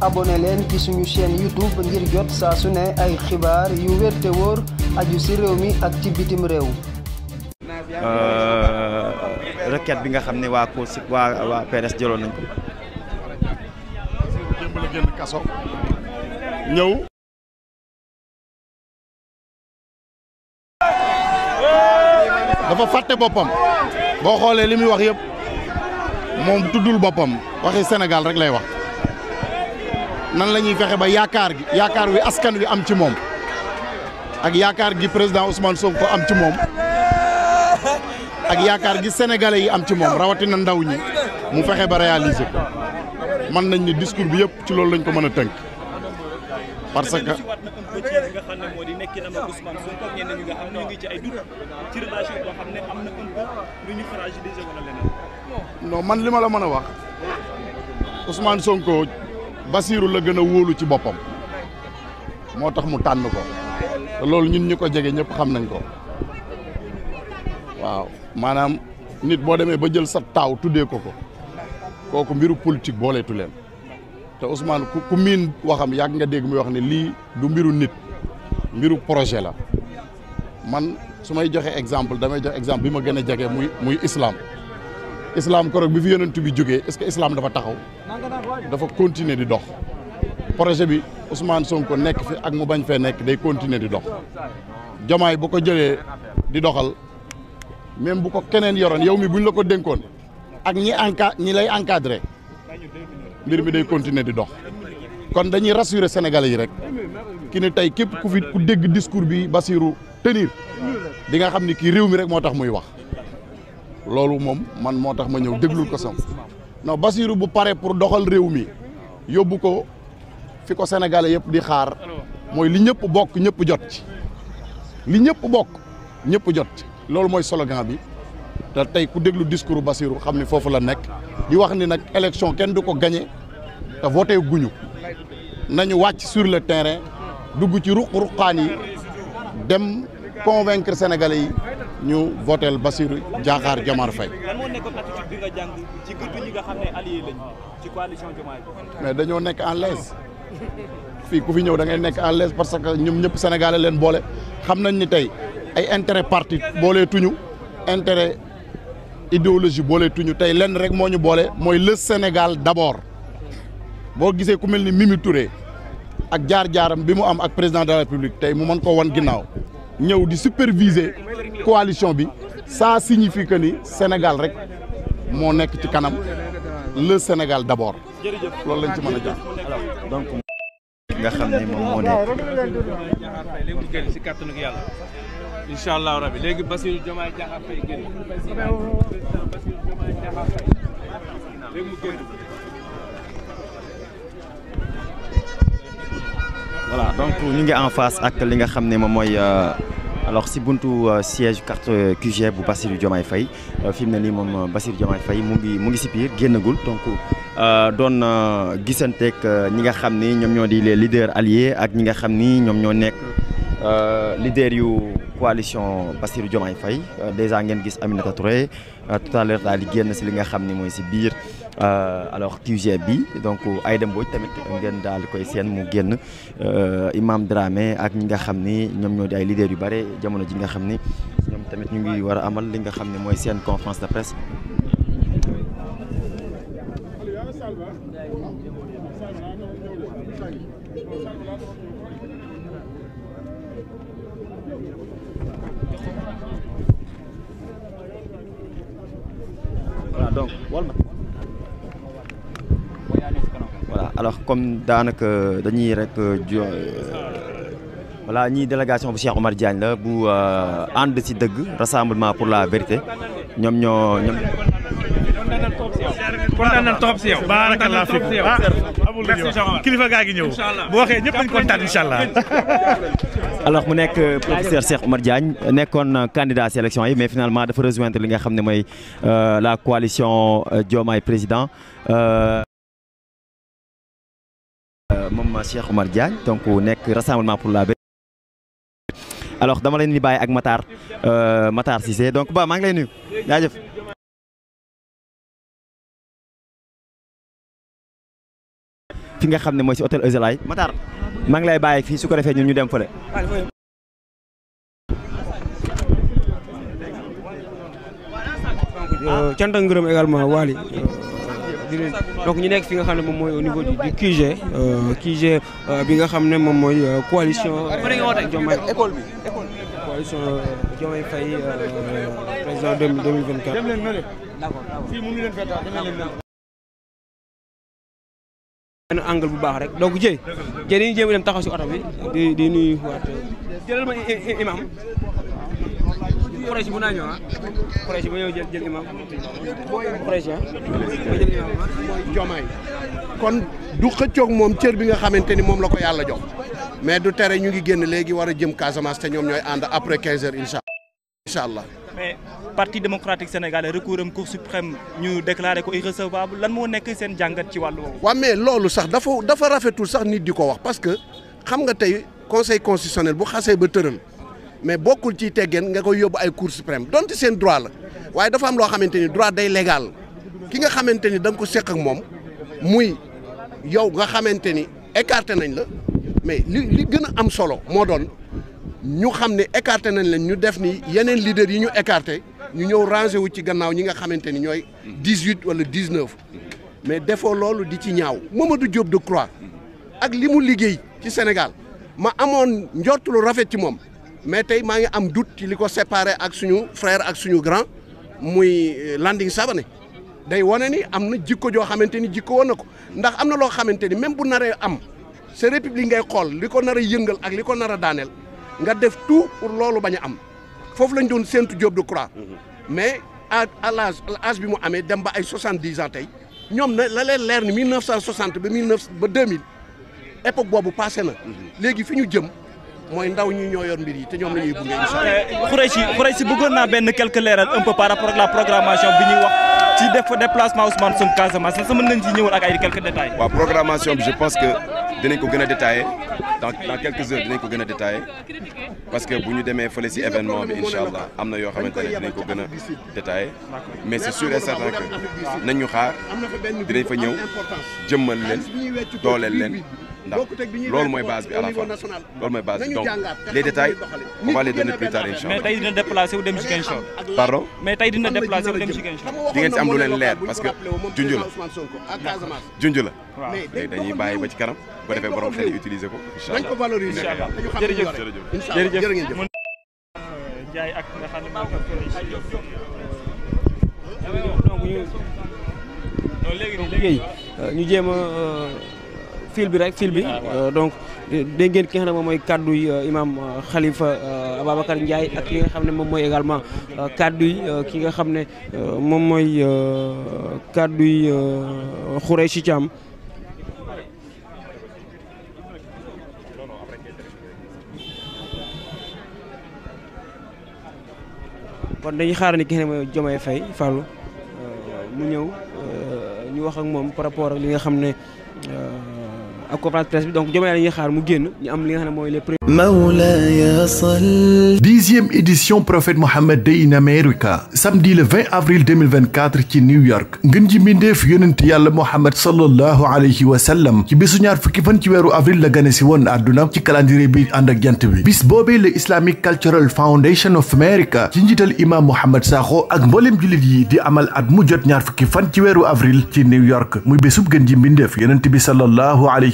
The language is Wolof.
abonné leen ci suñu chaîne YouTube ngir jot saa su ne ay xibaar yu wér te wóor aju ci réew mi ak ci bitim réew. Euh, requête bi nga xam ne waa COSIC waa waa PDS jëloon nañ kaso ñëw. dafa fàtte boppam boo xoolee li muy wax yépp moom tuddul boppam waxi senegal rek lay wax. nan la ñuy fexe ba yaakaar gi yaakaar wi askan wi am ci moom ak yaakaar gi président Ousmane ko am ci moom ak yaakaar gi sénégalais yi am ci moom rawatina ndaw ñi mu fexe ba réaliser ko mën nañ ni discours bi yëpp ci loolu lañ ko mën a tënk parce que non man li ma la mën a wax Ousmane Sonko Basiiru la gën a wóolu ci boppam moo tax mu tànn ko loolu ñun ñi ko jege ñëpp xam nañ ko waaw maanaam nit boo demee ba jël sa taaw tuddee ko ko kooku mbiru politique booleetu leen te Ousmane ku ku miin waxam yàgg nga dégg muy wax ne lii du mbiru nit mbiru projet la man su may joxe exemple damay jox exemple bi ma gën a jege muy muy islam. islam korog bi fi yonent bi jóge est-ce que dafa taxaw dafa continuer di dox projet bi Ousmane Sonko nekk fi ak mu bañ fee nekk day continuer di dox jomaay bu ko jëlee di doxal même bu ko keneen yoroon yow mi buñ la ko dénkoon ak ñi enca ñi lay encadré mbir mi day continuer di dox kon dañuy rassurer sénégalais yi rek ki ne tey képp ku fi ku dégg discours bi Bassirou tenir di nga xam ni kii réew mi rek moo tax muy wax loolu moom man moo tax ma ñëw déglul ko sam non Basiirou bu paree pour doxal réew mi yóbbu ko fi ko sénégalais yëpp di xaar mooy li ñëpp bokk ñëpp jot ci li ñëpp bokk ñëpp jot loolu mooy slogan bi te tey ku déglu discours Basiirou xam ne foofu la nekk di wax ni nag élection kenn du ko gañe te voté guñu nañu wàcc sur le terrain dugg ci ruq ruqaan yi dem convaincre sénégalais yi ñu votel Bassirou Diakhar Diomar fay lan moo nekkoon attitude mais dañoo nekk en l'aise fii ku fi ñëw da ngay nekk en l'aise parce que ñoom ñëpp sénégalais leen boole xam nañ ni tey ay intérêt parti boole tuñu intérêt idéologie boole tuñu tey lenn rek moo ñu boole mooy le Sénégal d'abord boo gisee ku mel ni Mimi Touré ak jaar-jaaram bi mu am ak président de la République tey mu mën ko wan ginnaaw. ñëw di superviser coalition bi ça signifie que ni Sénégal rek moo nekk ci kanam le Sénégal d'abord loolu lañ ci mën a jàpp donc nga xam ni moom moo nekk allah léegi Bassirou Diomaye voilà donc ñu ngi en face ak li nga xam ne moom mooy euh, alors si buntu euh, siège carte QG bu Bassirou Diomaye Faye euh, fi mu ne nii moom Bassirou Diomaye Faye fay ngi mu ngi si biir génnagul donc doon gisanteeg ñi nga xam ni ñoom ñoo di les leaders alliés ak ñi nga xam ni ñoom ñoo nekk leader yu coalition Bassirou Diomaye fay déjà ngeen gis Aminata Touré tout à l'heure daal di génn si li nga xam ni mooy si biir. Euh, alors QG bi donc Aïda Mbodj tamit ngeen daal di koy seen mu génn euh, Imam Dramé ak ñi nga xam ni ñoom ñoo di ay leaders yu bare jamono ji nga xam ni ñoom tamit ñu ngi war a amal li nga xam ne mooy seen conférence de presse. alors comme daanaka dañuy rek euh, jo euh, voilà ñii délégation bu Cheikh Omar Diagne la bu euh, ànd si dëgg rassemblement pour la vérité ñoom ñoo ñoom. kontaan nañ trop ah, ah, kilifa gaa gi ñëw. bu waxee ñëpp dañ kontaan allah. alors mu nekk professeur Cheikh Omar Diagne nekkoon candidat si élection yi mais finalement dafa rejoindre li nga xam ne mooy la coalition Diomaye président. Euh, moom Cheikh Oumar Diagne donc nekk rassemblement pour la alors dama leen di bàyyi ak Matar euh, Matar Cissé donc ba maa ngi lay nuyu jaajëf. nga xam ne mooy si hôtel Euselaye Matar maa ngi lay bàyyi fii su ko defee ñun ñu dem fële. Euh, donc ñu nekk fi nga xam ne moom mooy au niveau du du QG. Euh, QG euh, bi nga xam ne moom mooy euh, coalition. Diomaye école bi coalition Diomaye Faye président 2024. d'accord d'accord. benn angle bu baax rek donc jëy jëy dañuy jéem a dem taxaw si oto bi di di nuyu waat jëlal ma imam Quraysh bu naa ah. ñëw ah Quraysh ba yow jël jël imam Quraysh ah ba jël ah. kon du xëccoog moom cër bi nga xamante ni moom la ko yàlla jox mais du tere ñu ngi génn léegi war a jëm Casamance te ñoom ñooy ànd après 15 heures incha incha allah. mais parti démocratique sénégalais recours am cour suprême ñu déclaré ko irrecevable lan moo nekk seen jàngat ci wàllu woowu. waaw loolu sax dafa dafa rafetul sax nit di ko wax parce que xam nga tey conseil constitutionnel bu xasee ba tëral. mais bokkul ci teggeen nga ko yóbbu ay cour suprême donte seen droit la waaye dafa am loo xamante ni droit day légal ki nga xamante ni da ko seqak moom muy yow nga xamante ni écarté nañ la mais li li gën a am solo moo doon ñu xam ne écarté nañ leen ñu def ni yeneen leader yi ñu écarté ñu ñëw rangé wu ci gannaaw ñi nga xamante ni ñooy dix huit wala dix neuf mais defoo loolu di ci ñaaw du Mamadou Diop Decroix ak li mu liggéey ci Sénégal ma amoon njortu lu rafet ci moom. mais tey maa ngi am doute ci li ko séparé ak suñu frère ak suñu grand muy euh, Landing Savané dey wane ni am na jikko joo xamante ni jikko wa na ko ndax am na loo xamante ni même bu naree am sa république ngay xool li ko nar a yëngal ak li ko nar a daaneel nga def tout pour loolu bañ am foofu lañ doon séntu Diop Decroix mhm. mais à à l'âge l'âge bi mu amee demba ay soixante-dix ans tey ñoom na la leer ni mille neuf cent ba mille neuf ba deux mille époque boobu passé na mhm. léegi fi ñu jëm mooy ndaw ñi ñoo yor mbir te ñoom la ñuy gunge incha allah. Eh, Khoureychi Khoureychi bëggoon naa benn quelques leeral un par rapport ak la bi ñuy wax ci def déplacement Ousmane Sonko Casamance sax mën nañ ci ñëwal ak ay quelques détails. waaw programmation bi je pense que dinañ ko gën a détaillé dans dans quelques heures dinañ ko gën a détaillé parce que bu ñu demee fële si événement bi incha allah am na yoo xamante ne dinañ ko gën a détaillé mais c'est sûr et certain que nañ ñu xaar dinañ fa ñëw jëmmal leen dooleel leen. ndax loolu mooy base bi à la fin loolu mooy base bi donc les détails on va les donner plus tard incha allah. mais tey dina déplacé wu dem Ziguinchor. pardon mais tey dina déplacé wu dem Ziguinchor. di ngeen dañuy bàyyi ba ci kanam bu defee borom xel yi utiliser ko incha allah incha allah jërëjëf jërëjëf jërëjëf. Ndiaye ak nga xam ne euh, ñu jéem a. Euh, fil bi rek fil bi ah, euh, donc dégg ngeen ki nga xam ne moom mooy kaddu yi euh, imam euh, Khalifa Ababacar xam ne moom mooy également kaddu yi ki nga xam ne moom mooy kaddu yi Khoureychi Thiam kon dañuy xaar ni ki nga xam ne mooy Diomaye Faye Fallou mu ñëw ñu wax ak moom par rapport ak li nga xam ne ak conférence presse bi donc Diomaye la xaar mu génn ñu am li mooy les premiers. Mawlaya sall. dixième édition Prophet Muhammad Day in America samedi le 20 avril 2024 ci New York ngën ji mbindeef yonent yàlla Muhammad sallallahu alayhi wa sallam ci bisu ñaar fukki fan ci weeru avril la gane si woon àdduna ci calendrier bi ànd ak jant bi bis boobee le Islamic Cultural Foundation of America ci njiital imaam Mouhamed Sakho ak mbooleem jullit yi di amal at mu jot ñaar fukki fan ci weeru avril ci New York muy bésub gën ji mbindeef yonent bi sallallahu alayhi